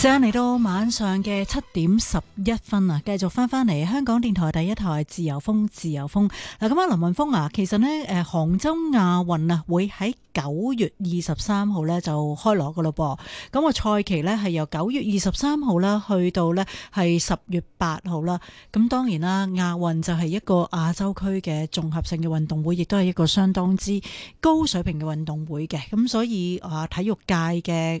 時間嚟到晚上嘅七點十一分啊，繼續翻翻嚟香港電臺第一台自由風，自由風嗱，咁啊林雲峰啊，其實咧誒，杭州亞運啊，會喺九月二十三號咧就開鑼噶咯噃，咁啊賽期咧係由九月二十三號啦，去到咧係十月八號啦，咁當然啦，亞運就係一個亞洲區嘅綜合性嘅運動會，亦都係一個相當之高水平嘅運動會嘅，咁所以啊，體育界嘅誒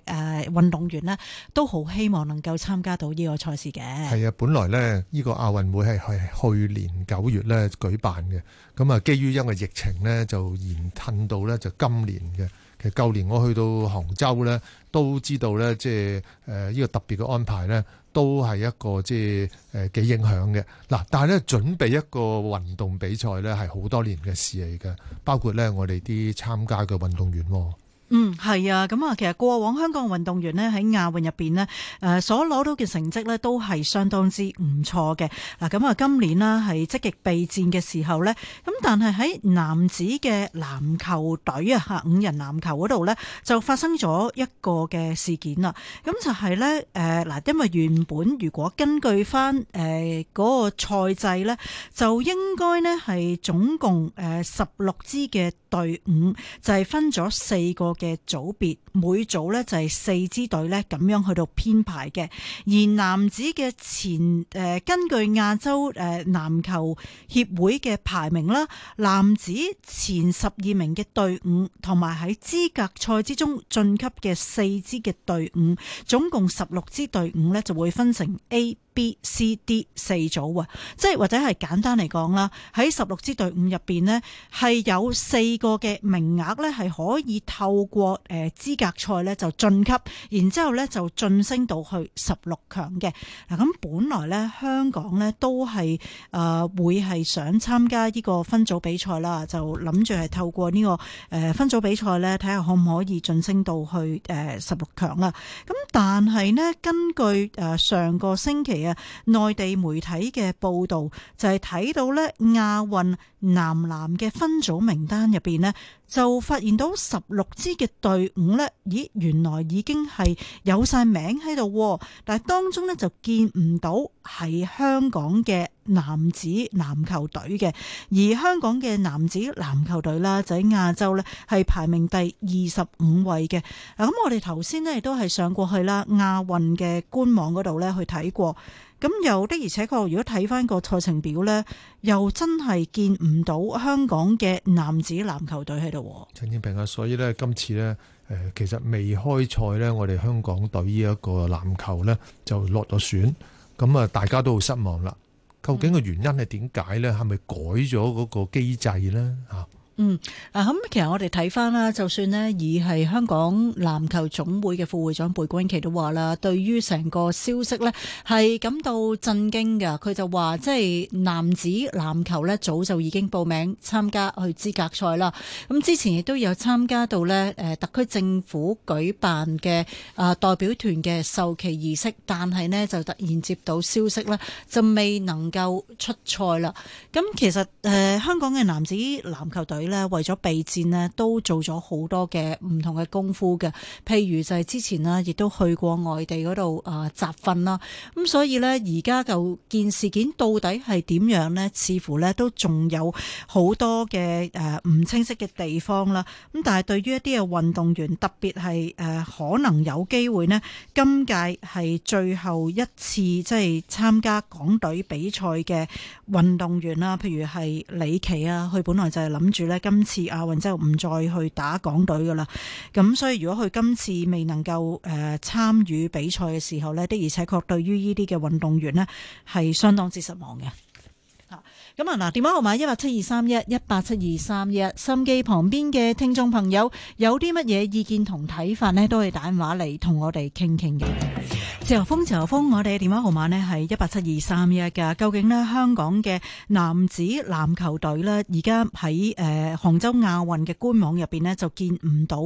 運動員咧都好。我希望能夠參加到呢個賽事嘅。係啊，本來咧呢個亞運會係係去年九月咧舉辦嘅。咁啊，基於因為疫情咧就延褪到咧就今年嘅。其實舊年我去到杭州咧，都知道咧即係誒呢個特別嘅安排咧，都係一個即係誒幾影響嘅。嗱，但係咧準備一個運動比賽咧係好多年嘅事嚟嘅，包括咧我哋啲參加嘅運動員。嗯，係啊，咁啊，其實過往香港運動員咧喺亞運入邊咧，誒所攞到嘅成績咧都係相當之唔錯嘅。嗱，咁啊，今年啦係積極備戰嘅時候咧，咁但係喺男子嘅籃球隊啊，吓五人籃球嗰度咧就發生咗一個嘅事件啦。咁就係咧，誒嗱，因為原本如果根據翻誒嗰個賽制咧，就應該咧係總共誒十六支嘅隊伍就係、是、分咗四個。嘅組別，每組呢就係四支隊呢咁樣去到編排嘅。而男子嘅前、呃、根據亞洲誒籃、呃、球協會嘅排名啦，男子前十二名嘅隊伍，同埋喺資格賽之中晉級嘅四支嘅隊伍，總共十六支隊伍呢就會分成 A、B、C、D 四組啊，即係或者係簡單嚟講啦，喺十六支隊伍入邊咧，係有四個嘅名額咧，係可以透過誒資格賽咧就晉級，然之後咧就晉升到去十六強嘅。嗱，咁本來咧香港咧都係誒會係想參加呢個分組比賽啦，就諗住係透過呢個誒分組比賽咧睇下可唔可以晉升到去誒十六強啦。咁但係咧根據誒上個星期。啊！內地媒體嘅報道就係、是、睇到咧亞運男籃嘅分組名單入邊咧。就發現到十六支嘅隊伍呢，咦，原來已經係有晒名喺度，但係當中呢，就見唔到係香港嘅男子籃球隊嘅，而香港嘅男子籃球隊啦，就喺亞洲呢，係排名第二十五位嘅。嗱，咁我哋頭先呢都係上過去啦亞運嘅官網嗰度呢，去睇過。咁又的而且確，如果睇翻個賽程表呢，又真係見唔到香港嘅男子籃球隊喺度。陳建平啊，所以呢，今次呢，誒，其實未開賽呢，我哋香港隊呢一個籃球呢就落咗選，咁啊，大家都好失望啦。究竟個原因係點解呢？係咪改咗嗰個機制呢？吓？嗯，啊咁，其實我哋睇返啦，就算咧，已係香港籃球總會嘅副會長貝鈞奇都話啦，對於成個消息咧係感到震驚嘅。佢就話即係男子籃球咧早就已經報名參加去資格賽啦。咁之前亦都有參加到咧，誒，特區政府舉辦嘅啊代表團嘅授旗儀式，但係咧就突然接到消息咧就未能夠出賽啦。咁其實誒、呃、香港嘅男子籃球隊。咧為咗備戰咧，都做咗好多嘅唔同嘅功夫嘅，譬如就係之前呢亦都去過外地嗰度啊集訓啦。咁所以咧，而家就件事件到底係點樣咧，似乎咧都仲有好多嘅，誒唔清晰嘅地方啦。咁但係對於一啲嘅運動員，特別係誒可能有機會咧，今屆係最後一次即係參加港隊比賽嘅運動員啦，譬如係李琦啊，佢本來就係諗住咧。今次亞運之後唔再去打港隊㗎喇，咁所以如果佢今次未能夠誒、呃、參與比賽嘅時候呢，的而且確對於呢啲嘅運動員呢，係相當之失望嘅。嚇、啊，咁啊嗱，電話號碼一八七二三一一八七二三一，187231, 187231，心機旁邊嘅聽眾朋友有啲乜嘢意見同睇法呢，都可以打電話嚟同我哋傾傾嘅。自由風，自由風，我哋嘅電話號碼呢係一八七二三一嘅。究竟呢香港嘅男子籃球隊呢，而家喺誒杭州亞運嘅官網入邊呢，就見唔到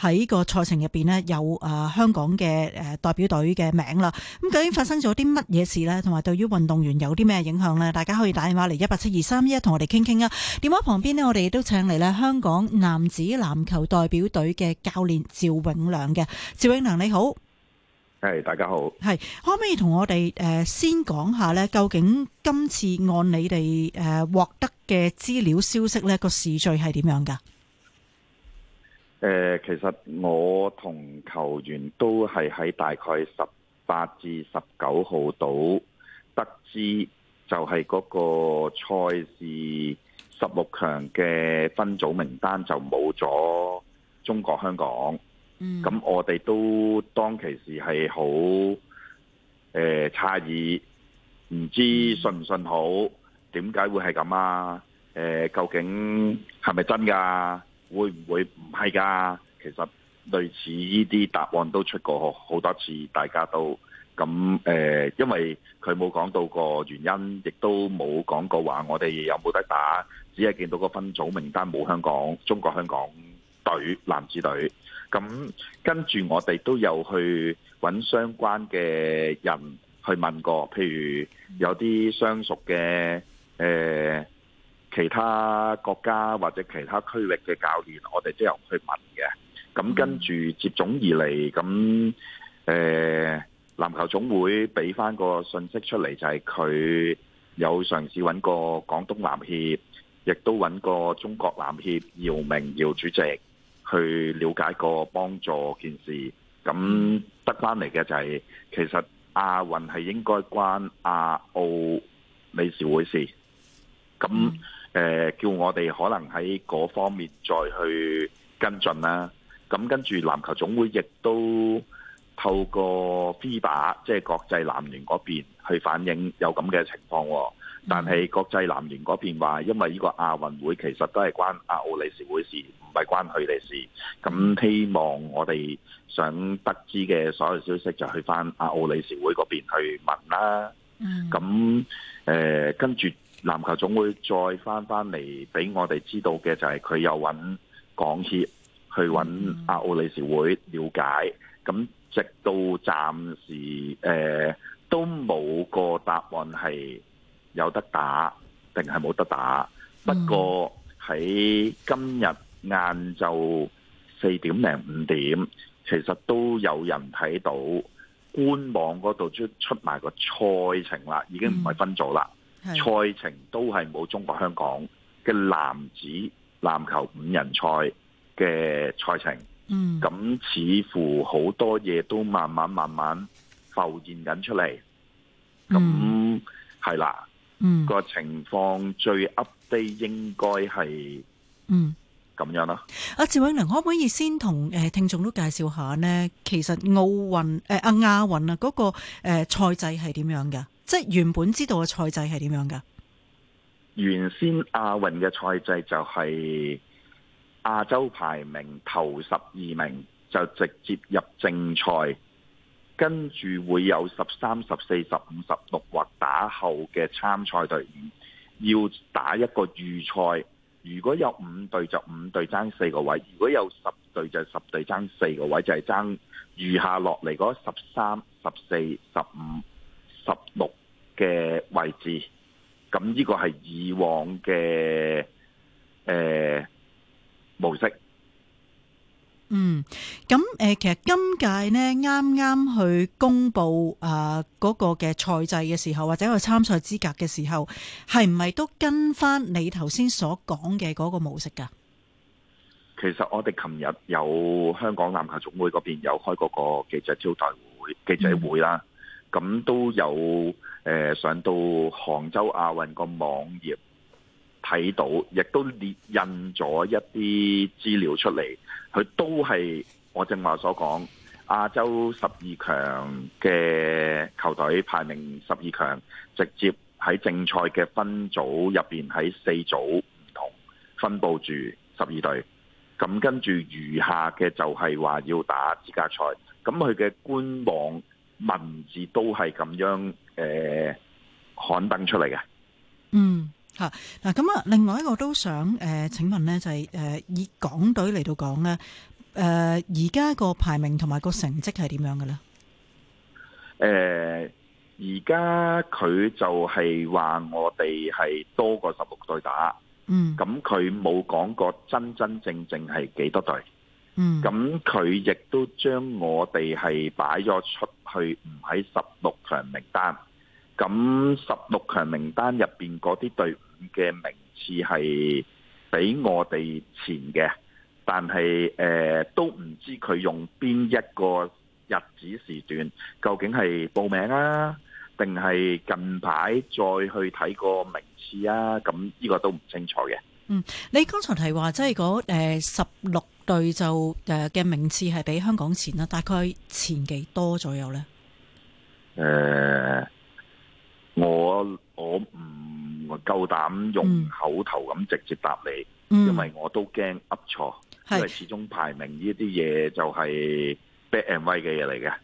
喺個賽程入邊呢有誒、呃、香港嘅誒、呃、代表隊嘅名啦。咁究竟發生咗啲乜嘢事呢？同 埋對於運動員有啲咩影響呢？大家可以打電話嚟一八七二三一同我哋傾傾啊。電話旁邊呢，我哋都請嚟呢香港男子籃球代表隊嘅教練趙永良嘅。趙永良你好。係、hey，大家好。係，可唔可以同我哋誒先講下咧？究竟今次按你哋誒獲得嘅資料消息咧，個時序係點樣噶？誒，其實我同球員都係喺大概十八至十九號到，得知，就係嗰個賽事十六強嘅分組名單就冇咗中國香港。咁我哋都當其時係好誒詫異，唔、呃、知信唔信好？點解會係咁啊？誒、呃，究竟係咪真噶？會唔會唔係噶？其實類似呢啲答案都出過好多次，大家都咁誒、呃，因為佢冇講到個原因，亦都冇講過話我哋有冇得打，只係見到個分組名單冇香港、中國香港隊男子隊。咁跟住我哋都有去揾相關嘅人去問過，譬如有啲相熟嘅誒、呃、其他國家或者其他區域嘅教練，我哋都有去問嘅。咁跟住接踵而嚟，咁誒籃球總會俾翻個信息出嚟，就係、是、佢有嘗試揾過廣東籃協，亦都揾過中國籃協、姚明姚主席。去了解過幫助件事，噉得返嚟嘅就係、是、其實亞運係應該關阿奧理事會事，噉、呃、叫我哋可能喺 𠮶 方面再去跟進啦，噉跟住籃球總會亦都透過 FIBA，即係國際籃聯 𠮶 邊去反映有噉嘅情況。但係國際籃聯嗰邊話，因為呢個亞運會其實都係關亞奧理事會事，唔係關佢哋事。咁希望我哋想得知嘅所有消息，就去翻亞奧理事會嗰邊去問啦。嗯。咁誒跟住籃球總會再翻翻嚟俾我哋知道嘅就係佢有揾港協去揾亞奧理事會了解。咁直到暫時誒、呃、都冇個答案係。有得打定係冇得打，不過喺今日晏晝四點零五點，其實都有人睇到官網嗰度出出埋個賽程啦，已經唔係分組啦，賽程都係冇中國香港嘅男子籃球五人賽嘅賽程，嗯，咁似乎好多嘢都慢慢慢慢浮現緊出嚟，咁係啦。個、嗯、情況最 update 應該係嗯咁樣啦。阿趙永良可唔可以先同誒聽眾都介紹下呢？其實奧運誒阿亞運啊嗰個誒賽制係點樣嘅？即係原本知道嘅賽制係點樣嘅？原先亞運嘅賽制就係亞洲排名頭十二名就直接入正賽。跟住會有十三、十四、十五、十六或打後嘅參賽隊伍，要打一個預賽。如果有五隊就五隊爭四個位，如果有十隊就十隊爭四個位，就係爭餘下落嚟嗰十三、十四、十五、十六嘅位置。咁、這、呢個係以往嘅、呃、模式。嗯，咁誒，其實今屆咧啱啱去公布誒嗰個嘅賽制嘅時候，或者個參賽資格嘅時候，係唔係都跟翻你頭先所講嘅嗰個模式噶？其實我哋琴日有香港籃球總會嗰邊有開嗰個記者招待會記者會啦，咁、嗯、都有誒、呃、上到杭州亞運個網頁。睇到，亦都列印咗一啲資料出嚟，佢都係我正話所講，亞洲十二強嘅球隊排名十二強，直接喺正賽嘅分組入面，喺四組唔同分佈住十二隊，咁跟住餘下嘅就係話要打資格賽，咁佢嘅官網文字都係咁樣誒、呃、刊登出嚟嘅，嗯。吓嗱，咁啊，另外一個都想誒、呃，請問咧就係、是、誒、呃、以港隊嚟到講咧，誒而家個排名同埋個成績係點樣嘅咧？誒、呃，而家佢就係話我哋係多過十六隊打，嗯，咁佢冇講過真真正正係幾多隊，嗯，咁佢亦都將我哋係擺咗出去唔喺十六強名單。咁十六強名單入邊嗰啲隊伍嘅名次係比我哋前嘅，但係誒都唔知佢用邊一個日子時段，究竟係報名啊，定係近排再去睇個名次啊？咁呢個都唔清楚嘅。嗯，你剛才提話即係嗰誒十六隊就誒嘅名次係比香港前啦，大概前幾多左右呢？誒。我我唔夠膽用口頭咁直接答你。嗯，因為我都驚噏錯，因為始終排名呢啲嘢就係 black and white 嘅嘢嚟嘅，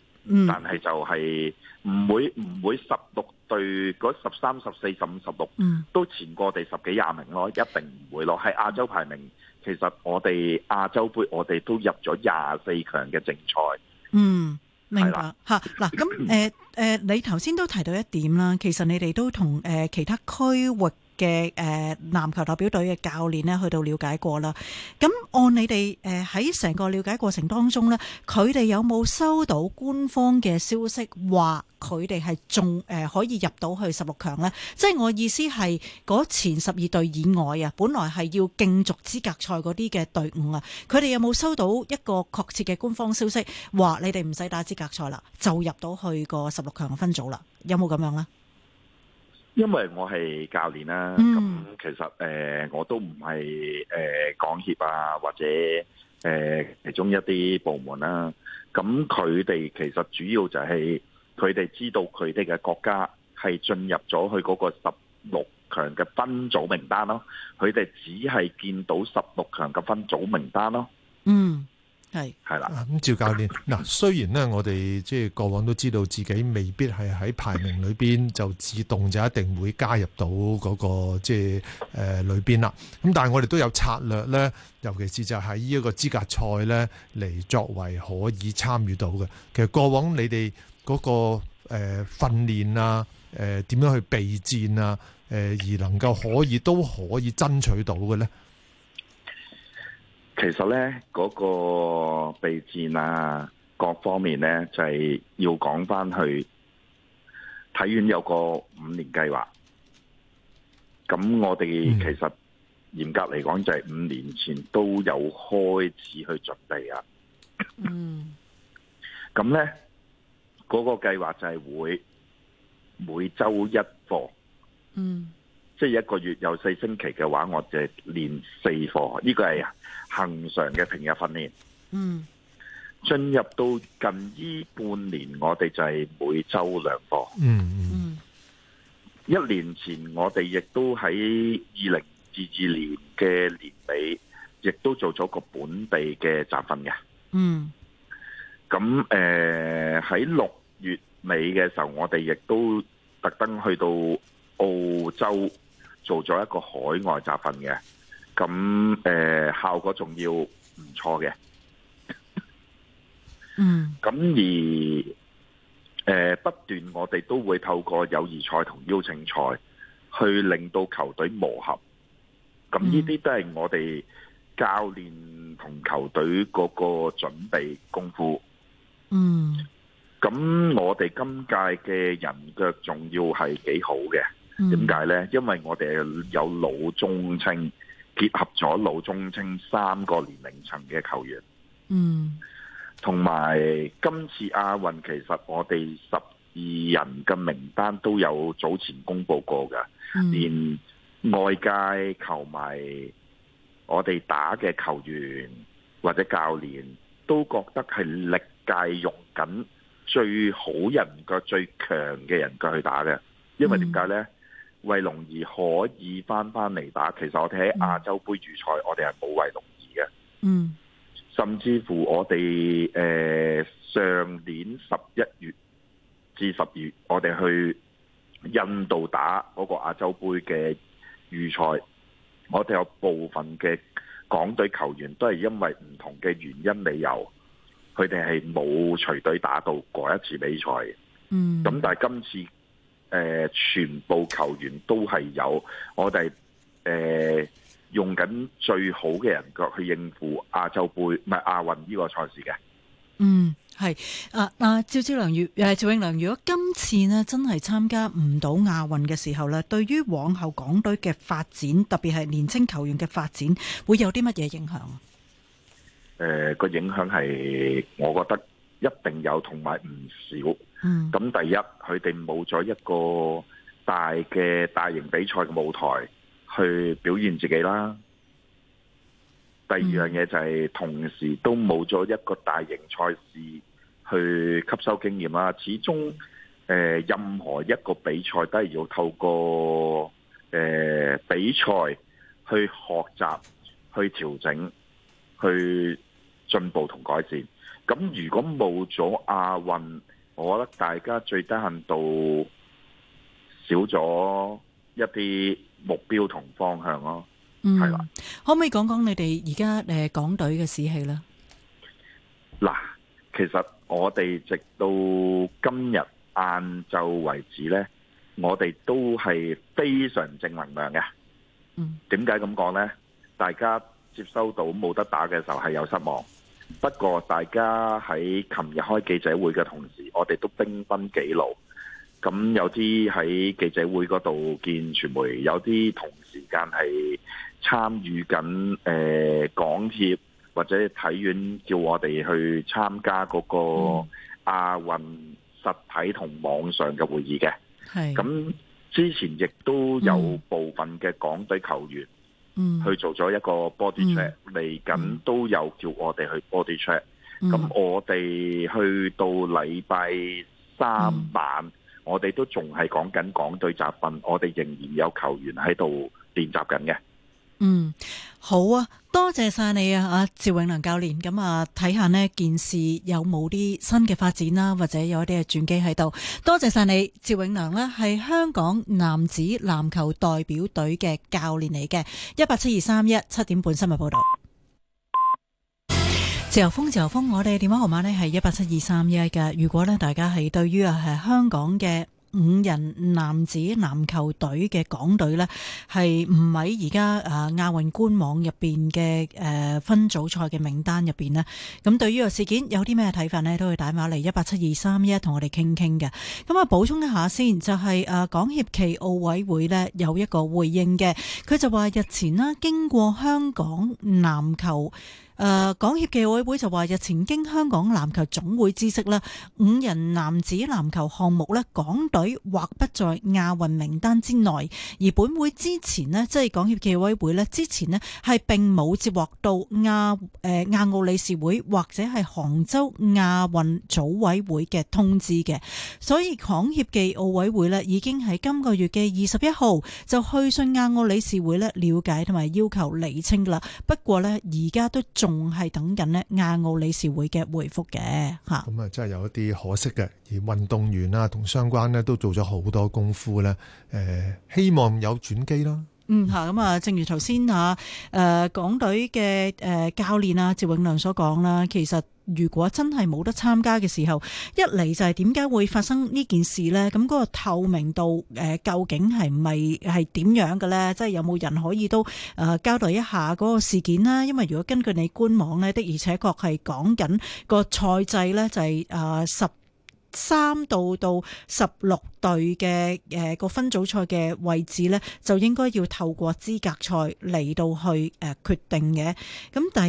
但係就係唔會唔、嗯、會十六對嗰十三、十四、十五、十六都前過第十幾廿名咯，嗯、一定唔會咯。係亞洲排名，其實我哋亞洲杯我哋都入咗廿四強嘅正賽。嗯，明白吓、係喇、咁誒。 那 誒，你頭先都提到一點啦，其實你哋都同誒其他區域。嘅誒，籃球代表隊嘅教練咧，去到了解過啦。咁按你哋誒喺成個了解過程當中咧，佢哋有冇收到官方嘅消息話佢哋係仲誒可以入到去十六強咧？即係我意思係嗰前十二隊以外啊，本來係要競逐資格賽嗰啲嘅隊伍啊，佢哋有冇收到一個確切嘅官方消息話你哋唔使打資格賽啦，就入到去個十六強嘅分組啦？有冇咁樣咧？因為我係教練啦，咁其實誒、呃、我都唔係誒港協啊或者誒、呃、其中一啲部門啦，咁佢哋其實主要就係佢哋知道佢哋嘅國家係進入咗去嗰個十六強嘅分組名單咯，佢哋只係見到十六強嘅分組名單咯。嗯。係，係啦。咁趙教練，嗱，雖然咧，我哋即係過往都知道自己未必係喺排名裏邊就自動就一定會加入到嗰、那個即係誒裏邊啦。咁但係我哋都有策略咧，尤其是就喺呢一個資格賽咧嚟作為可以參與到嘅。其實過往你哋嗰、那個誒、呃、訓練啊，誒、呃、點樣去備戰啊，誒、呃、而能夠可以都可以爭取到嘅咧。其實咧，嗰、那個備戰啊，各方面咧，就係、是、要講翻去。體院有個五年計劃，咁我哋其實嚴、嗯、格嚟講，就係五年前都有開始去準備啊。嗯。咁 咧，嗰、那個計劃就係會每周一課。嗯。即係一個月有四星期嘅話，我就係練四課，呢個係恆常嘅平日訓練。嗯，進入到近呢半年，我哋就係每周兩課。嗯嗯，一年前我哋亦都喺二零二二年嘅年尾，亦都做咗個本地嘅集訓嘅。嗯，咁誒喺六月尾嘅時候，我哋亦都特登去到澳洲。做咗一個海外集訓嘅，咁誒、呃、效果仲要唔錯嘅，嗯、mm.，咁而誒不斷我哋都會透過友誼賽同邀請賽去令到球隊磨合，咁呢啲都係我哋教練同球隊嗰個準備功夫，嗯、mm.，咁我哋今屆嘅人腳仲要係幾好嘅。點解呢？因為我哋有老中青結合咗老中青三個年齡層嘅球員，嗯，同埋今次亞運其實我哋十二人嘅名單都有早前公布過㗎、嗯，連外界球迷、嗯、我哋打嘅球員或者教練都覺得係歷屆用緊最好人腳最強嘅人腳去打嘅，因為點解呢？嗯為龍兒可以翻返嚟打，其實我哋喺亞洲杯預賽，我哋係冇為龍兒嘅。嗯，甚至乎我哋誒、呃、上年十一月至十二月，我哋去印度打嗰個亞洲杯嘅預賽，我哋有部分嘅港隊球員都係因為唔同嘅原因理由，佢哋係冇隨隊打到過一次比賽。嗯，咁但係今次。誒、呃，全部球員都係有，我哋誒、呃、用緊最好嘅人腳去應付亞洲盃，唔係亞運呢個賽事嘅。嗯，係啊，啊趙志良，如、啊、誒，趙永良，如果今次咧真係參加唔到亞運嘅時候咧，對於往後港隊嘅發展，特別係年輕球員嘅發展，會有啲乜嘢影響啊？誒、呃，個影響係，我覺得一定有，同埋唔少。咁第一，佢哋冇咗一個大嘅、大型比賽嘅舞台去表現自己啦。第二樣嘢，嗯、就係、是、同時都冇咗一個大型賽事去吸收經驗啦。始終，呃，任何一個比賽都係要透過、呃、比賽去學習、去調整、去進步同改善。咁如果冇咗亞運，我覺得大家最低限度少咗一啲目標同方向咯，係、嗯、啦，可唔可以講講你哋而家誒港隊嘅士氣呢？嗱，其實我哋直到今日晏晝為止呢，我哋都係非常正能量嘅。嗯，點解咁講呢？大家接收到冇得打嘅時候係有失望。不過大家喺琴日開記者會嘅同時，我哋都兵分幾路。咁有啲喺記者會嗰度見傳媒，有啲同時間係參與緊誒港協或者體院，叫我哋去參加嗰個亞運實體同網上嘅會議嘅。係咁，之前亦都有部分嘅港隊球員。去做咗一個 body check，嚟緊都有叫我哋去 body check，咁我哋去到禮拜三晚，我哋都仲係講緊港隊集訓，我哋仍然有球員喺度練習緊嘅。嗯，好啊，多謝晒你啊，阿趙永良教練。咁啊，睇下呢件事有冇啲新嘅發展啦，或者有一啲嘅轉機喺度。多謝晒你，趙永良呢係香港男子籃球代表隊嘅教練嚟嘅。一八七二三一，七點半新聞報道。自由風，自由風，我哋電話號碼呢係一八七二三一嘅。如果呢，大家係對於啊係香港嘅。五人男子籃球隊嘅港隊呢，係唔喺而家誒亞運官網入邊嘅誒分組賽嘅名單入邊呢，咁對於個事件有啲咩睇法呢？都可以打電話嚟，一八七二三一，同我哋傾傾嘅。咁啊，補充一下先，就係、是、誒港協暨奧委會呢，有一個回應嘅，佢就話日前啦，經過香港籃球。誒、呃、港協暨奧委會就話，日前經香港籃球總會知悉啦，五人男子籃球項目呢，港隊或不在亞運名單之內。而本會之前呢，即係港協暨奧委會呢之前咧係並冇接獲到亞、誒、呃、亞奧理事會或者係杭州亞運組委會嘅通知嘅，所以港協暨奧委會呢已經喺今個月嘅二十一號就去信亞奧理事會了解同埋要求釐清啦。不過呢，而家都仲仲係等緊咧亞奧理事會嘅回覆嘅吓，咁啊真係有一啲可惜嘅，而運動員呀同相關咧都做咗好多功夫啦，誒希望有轉機囉。嗯吓，咁啊，正如頭先吓，誒、呃，港隊嘅誒教練啊，趙永良所講啦，其實如果真係冇得參加嘅時候，一嚟就係點解會發生呢件事咧？咁嗰個透明度，誒、呃，究竟係咪係點樣嘅咧？即係有冇人可以都誒、呃、交代一下嗰個事件啦，因為如果根據你官網咧，的而且確係講緊個賽制咧、就是，就係誒十。三到到十六隊嘅誒個分組賽嘅位置呢，就應該要透過資格賽嚟到去誒決定嘅。咁第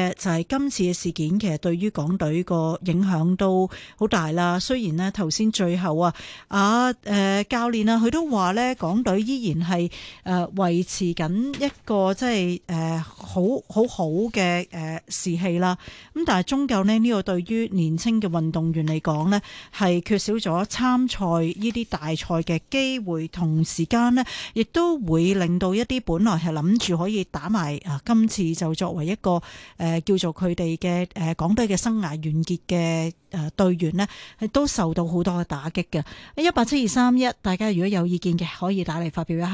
二嘅就係、是、今次嘅事件，其實對於港隊個影響都好大啦。雖然呢頭先最後啊啊誒教練啊，佢、呃啊、都話呢港隊依然係誒維持緊一個即係誒好好好嘅誒士氣啦。咁但係終究呢，呢、這個對於年輕嘅運動員嚟講呢。係缺少咗參賽呢啲大賽嘅機會同時間咧，亦都會令到一啲本來係諗住可以打埋啊，今次就作為一個誒、呃、叫做佢哋嘅誒港隊嘅生涯完結嘅誒、呃、隊員、呃、咧，係都受到好多嘅打擊嘅。一八七二三一，大家如果有意見嘅，可以打嚟發表一下。